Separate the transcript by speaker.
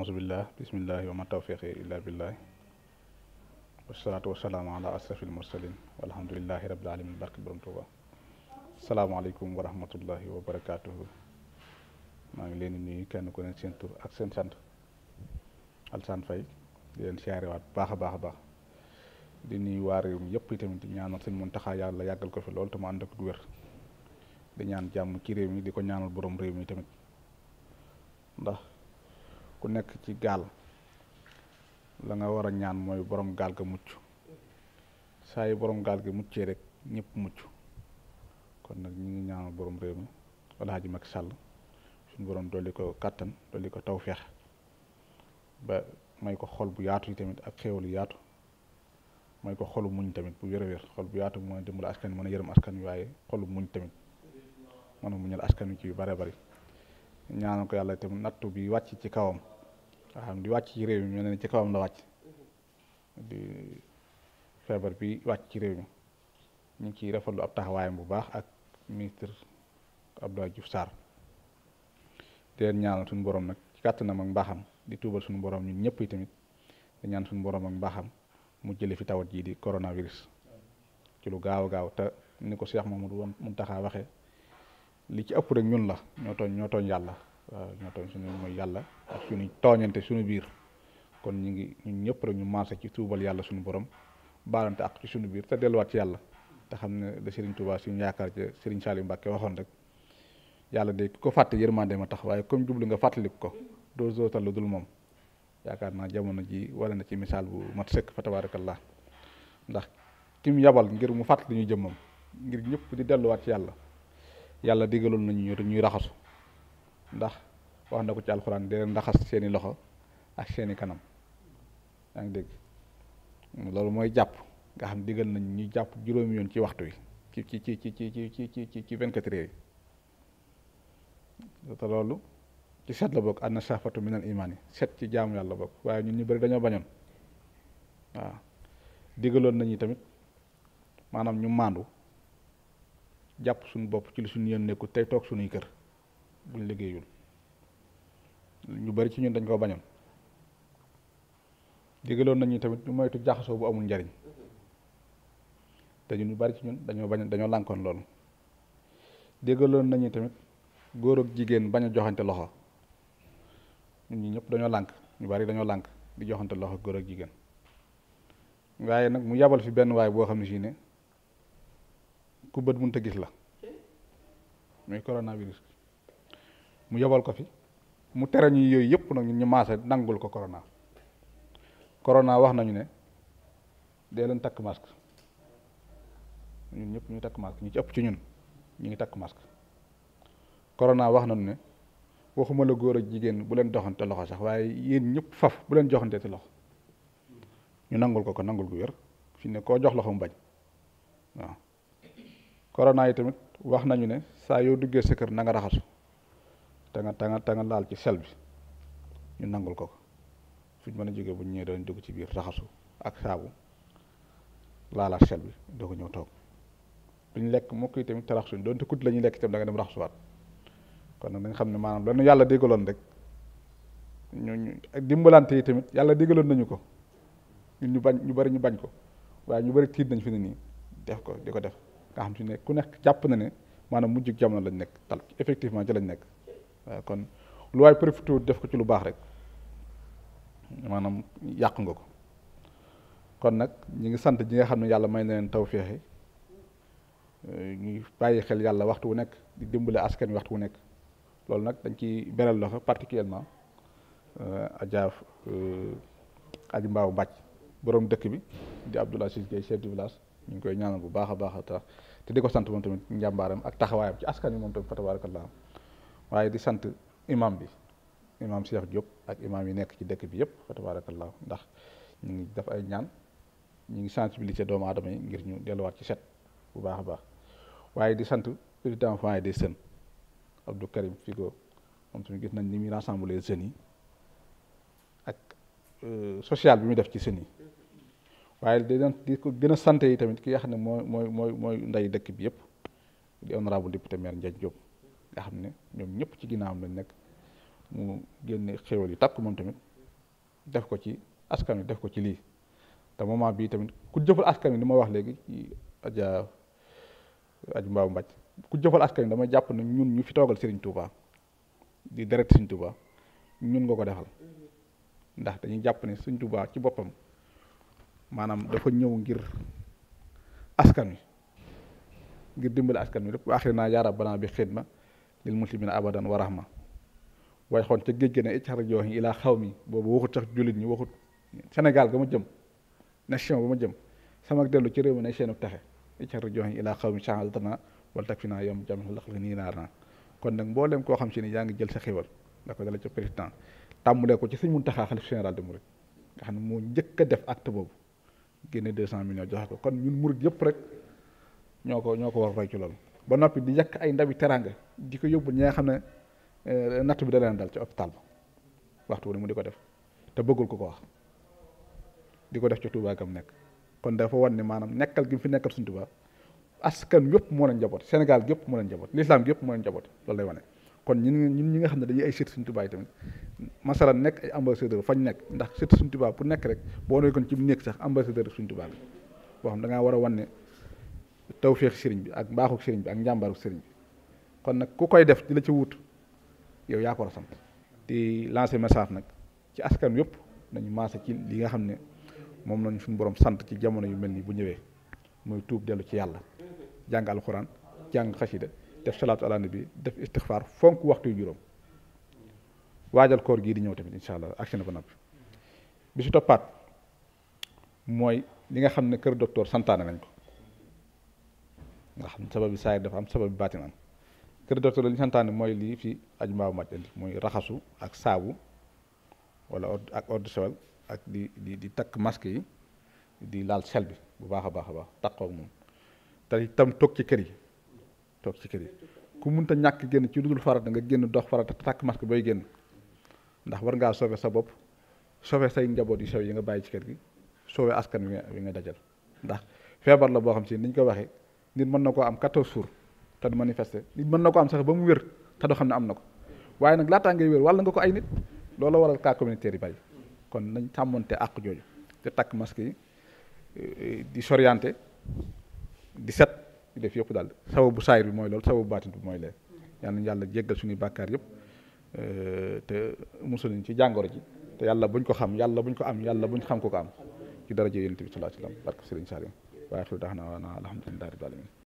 Speaker 1: أعوذ بالله بسم الله وما التوفيق إلا بالله والصلاة والسلام على أشرف المرسلين والحمد لله رب العالمين بارك برمتوا السلام عليكم ورحمة الله وبركاته ما يلين مني كان نكون سنتو أكسن سنت ألسان فاي لأن شعر وات باخ باخ باخ دني واري يوم يبقي تمن تني أنا سن من تخايا لا يأكل كفل أول تما عندك غير دني أنا جام كيري مي دي كون يانو بروم ريمي تمن ده ku nekk ci gaal la nga war a ñaan mooy borom gaal ga mucc saa yi borom gaal ga muccee rek ñëpp mucc kon nag ñu ngi ñaanal borom réew mi ji Macky Sall suñu borom doli ko kàttan doli ko tawfeex ba may ko xol bu yaatu tamit ak xéewal yaatu may ko xolu muñ tamit bu wér wér xol bu yaatu mën a dimbal askan mën a yërëm askan wi waaye xolu muñ tamit mën a muñal askan wi ci yu bare bari ñaanal ko yalla itam nattu bi wacc ci kawam xam di wacc ci rew mi ñene ci kawam la wacc di febar bi wacc ci rew mi ñi ci ciy ab taxawayam bu baax ak ministre abdou Diouf sar di ñaanal suñu borom nak ci katanam ak mbaaxam di tuubal suñu borom ñun ñepp yi tamit di ñaan suñu borom ak mbaaxam mu jël fi tawat ji di coronavirus ci lu gaaw gaaw ta ni ko Cheikh Mamadou mu Muntaxa waxe li ci ëpp rek ñun la ñoo tooñ ñoo tooñ yàlla waaw ñoo tooñ suñu mooy yàlla ak suñu tooñante suñu biir kon ñu ngi ñun ñëpp rek ñu maase ci tuubal yàlla suñu borom baalante ak ci suñu biir te delluwaat ci yàlla te xam ne da Serigne Touba suñu yaakaar ci Serigne Saliou Mbacké waxoon rek yàlla de ku ko fàtte yërmande ma tax comme jublu nga fàttaliku ko doo zootal lu moom yaakaar naa jamono ji wala na ci misaal bu mat sëkk fa tabaarakallah ndax kim yabal ngir mu fàttali ñu jëmmam ngir ñëpp di delluwaat ci yàlla yalla digalul nañu ñuy raxasu ndax wax na ko ci alquran de leen raxas seeni loxo ak seeni kanam yaa ngi dégg loolu mooy jàpp nga xam digal nañ ñu japp juroom yoon ci waxtu wi ci ci ci ci ci ci ci ci ci vingt heures yi ta lolu ci set la bok anna shafatu min al yi set ci jaamu yalla bok waye ñun ñu bari dañu bañoon wa digaloon nañu tamit manam ñu mandu japp suñu bopp ci li suñu yoon nekkul tey toog suñuy kër buñ liggéeyul ñu bari ci ñun dañ ko bañoon digaloon nañu tamit ñu moytu jaxasoo bu amul njariñ te ñu bari ci ñun dañoo bañ dañoo lànkoon loolu digaloon nañu tamit góor ak jigéen bañ a joxante loxo ñun ñi ñëpp dañoo lànk ñu bari dañoo lànk di joxante loxo góor ak jigéen waaye nag mu yabal fi benn waay boo xam ne ne ku bët mënta gis la muy coronavirus mu yobal ko fi mu tere ñu yooyu yëpp nag ñu massa nangul ko corona corona wax nañu ne dé lañ tak masque ñun ñëpp ñu tak masque ñu ci ëpp ci ñun ñi ngi tak masque corona wax nañu ne waxuma la goor ak jigen bu len doxante loxo sax waye yeen ñëpp faf bu len joxante te loxo ñu nangul ko ko nangul gu wér fi ne koo jox loxo mu bañ waaw corona yi tamit wax nañu ne saa yoo duggee sa kër na raxasu te nga te nga laal ci sel bi ñu nangul ko ko fuñ mën a jógee bu ñu ñëwee dañ dugg ci biir raxasu ak saabu laalaat sel bi doo ko toog duñ lekk mukk yi tamit te raxasuñ doonte kut la ñuy lekk itam da nga dem raxasuwaat kon nag da xam ne maanaam lanu yàlla déggaloon rek ñu ak dimbalante yi tamit yàlla déggaloon nañu ko ñun ñu bañ ñu bari ñu bañ ko waaye ñu bari tiit nañ fi ne nii def ko di ko def nga xam te ne ku nekk jàpp na ne maanaam mujj jamono lañ nekk tal effectivement ci lañ nekk waaw kon lu waay profité def ko ci lu baax rek maanaam yàq nga ko kon nag ñu ngi sant ñi nga xam ne yàlla may na leen tawféex eh, ñuy bàyyi xel yàlla waxtu wu nekk di dimbale askan wi waxtu wu nekk loolu nag dañ ci beral loxo particulièrement eh, ajaaf eh, aji mbaaw mbàcc borom dëkk bi di Abdoul Aziz Gueye chef du village ñu ngi koy ñaanal bu baax a baax a te diko sant mom tamit njambaram ak taxawayam ci askan mom moom tamit fa tabarakallah waaye di sant imam bi imam Cheikh Diop ak imam yi nek ci dekk bi yëpp fa tabarakallah ndax ñi ngi def ay ñaan ñi ngi sensibilité doom adamay ngir ñu wat ci set bu baax baax waye di sant président foyer des sen Abdou Karim Figo mom tamit gis nañ ni mi rassembler jeunes yi ak euh, social bi mi def ci sen yi waaye di doon di ko gën a sant yi tamit ki nga xam ne mooy mooy mooy mooy nday dëkk bi yëpp di honorable député maire Ndiagne Diop nga xam ne ñoom ñëpp ci am lañu nekk mu génne xéwal yi takk moom tamit def ko ci askan wi def ko ci lii te moment bii tamit ku jëfal askan wi ni ma wax léegi ci mbàcc ku jëfal askan wi dama jàpp ne ñun ñu fi toogal Serigne Touba di deret Serigne Touba ñun nga ko defal ndax dañuy jàpp ne Serigne Touba ci boppam maanaam dafa ñëw ngir askan wi ngir dimbali askan wi lépp waaxir naa yaa rabbanaa bi xidma lil muslimina abadan wa ma waaye xoon ca géej gi ne icaxar ak jooxi ilaa xaw mi boobu waxut sax jullit ñi waxut Sénégal ga ma jëm nation ba ma jëm sama dellu ci réew mi ne seenu taxe icaxar ak jooxi ilaa xaw mi chanaltana wala tag fi naa yom jam laq nii naar kon nag mboolem koo xam si ni yaa ngi jël sa xiwal da ko dala ci président tàmmulee ko ci Sëñ Muntaxa xalif général mu Mouride nga xam ne moo njëkk a def acte boobu génne deux cent millions joxe ko kon ñun murid yëpp rek ñoo ko ñoo ko war roy ci loolu ba noppi di yàq ay ndawi teraanga di ko yóbbu ñi nga xam ne eh, natt bi da leen dal ci hôpital ba waxtu wu ne mu di ko def te bëggul ko ko wax di ko def ci Touba gam nekk kon dafa wan ne maanaam nekkal gi mu fi nekkal suñu Touba askan yëpp moo leen njaboot Sénégal gi yëpp moo leen njaboot l'islam gi yëpp moo leen njaboot loolu lay wane kon ñun ñun ñi nga xam ne dañuy ay sët suñ tubaay tamit masala nekk ay ambassadeur fañ nekk ndax sët suñ tubaa pour nekk rek boo nekkoon ci nekk sax ambassadeur suñ tubaa bi boo xam da ngaa war a wanne tawféex sëriñ bi ak mbaaxu sëriñ bi ak njàmbaaru sëriñ bi kon nag ku koy def dina ci wut yow yaa ko war sant di lancer message nag ci askan yëpp nañu maase ci li nga xam ne moom lañu suñu borom sant ci jamono yu mel nii bu ñëwee muy tuub dellu ci yàlla jàng alxuraan jàng xasida def salatu ala nabi def istighfar fonk waxtu juróom waajal koor gi di ñëw tamit inshallah ak agsi na ba noppi bi su topat moy li nga xamne keur docteur santana nañ ko nga xam sababu sabab dafa am sababu bi am keur docteur li santana moy li fi ajma mbaabu màcc indi mooy raxasu ak sabu wala ak ordre sewel ak di di di tak masque yi di laal sel bi bu baax a baax takko baax takkoo ak moom te itam ci kër yi tok ci kër yi ku munta ñak genn ci luddul farata nga genn dox farata tak masque boy genn ndax war nga sauver sa bop sauver say njabot yi sew yi nga bàyyi ci kër gi sauver askan wi nga dajal ndax febar la bo xam ci niñ ko waxe nit mën nako am 14 jours ta manifester nit mën nako am sax ba mu wër ta do xam am nako waye nak nag ngay wër wala nga ko ay nit lolo waral ka communauté yi bari kon nañ tamonté ak jojo te tak masque yi eh, eh, di soriante di set def yëpp daal bu saayir bi mooy lool loolu bu baatin bi mooy lee yal nañu yàlla jéggal suñuy bàkkaar yëpp euh, te musul ñu ci jàngoro ji te yàlla buñ ko xam yàlla buñ ko am yàlla buñ xam ko ko am ci daraja yonent bi sallallahu alayhi wa sallam waaye xul tax na waa naa alhamdulillahi rabbil alamin